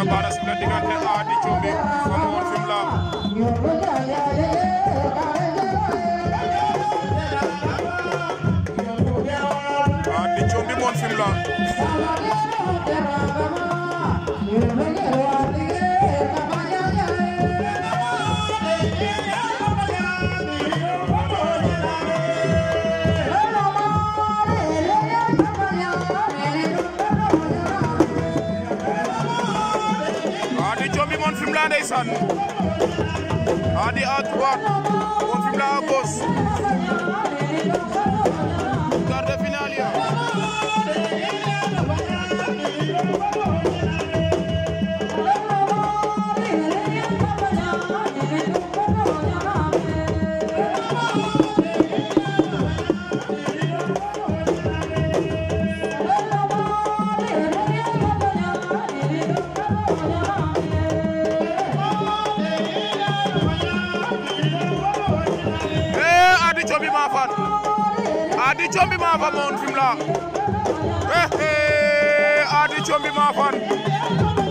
a Bada Sylla diggante Ady Thiombine Famor Adi Chombi moon film la ndeysaan Adi à droite moon film la à combi maa faatu Ady combi maa fa moon Fimela eh eh Ady combi maa faatu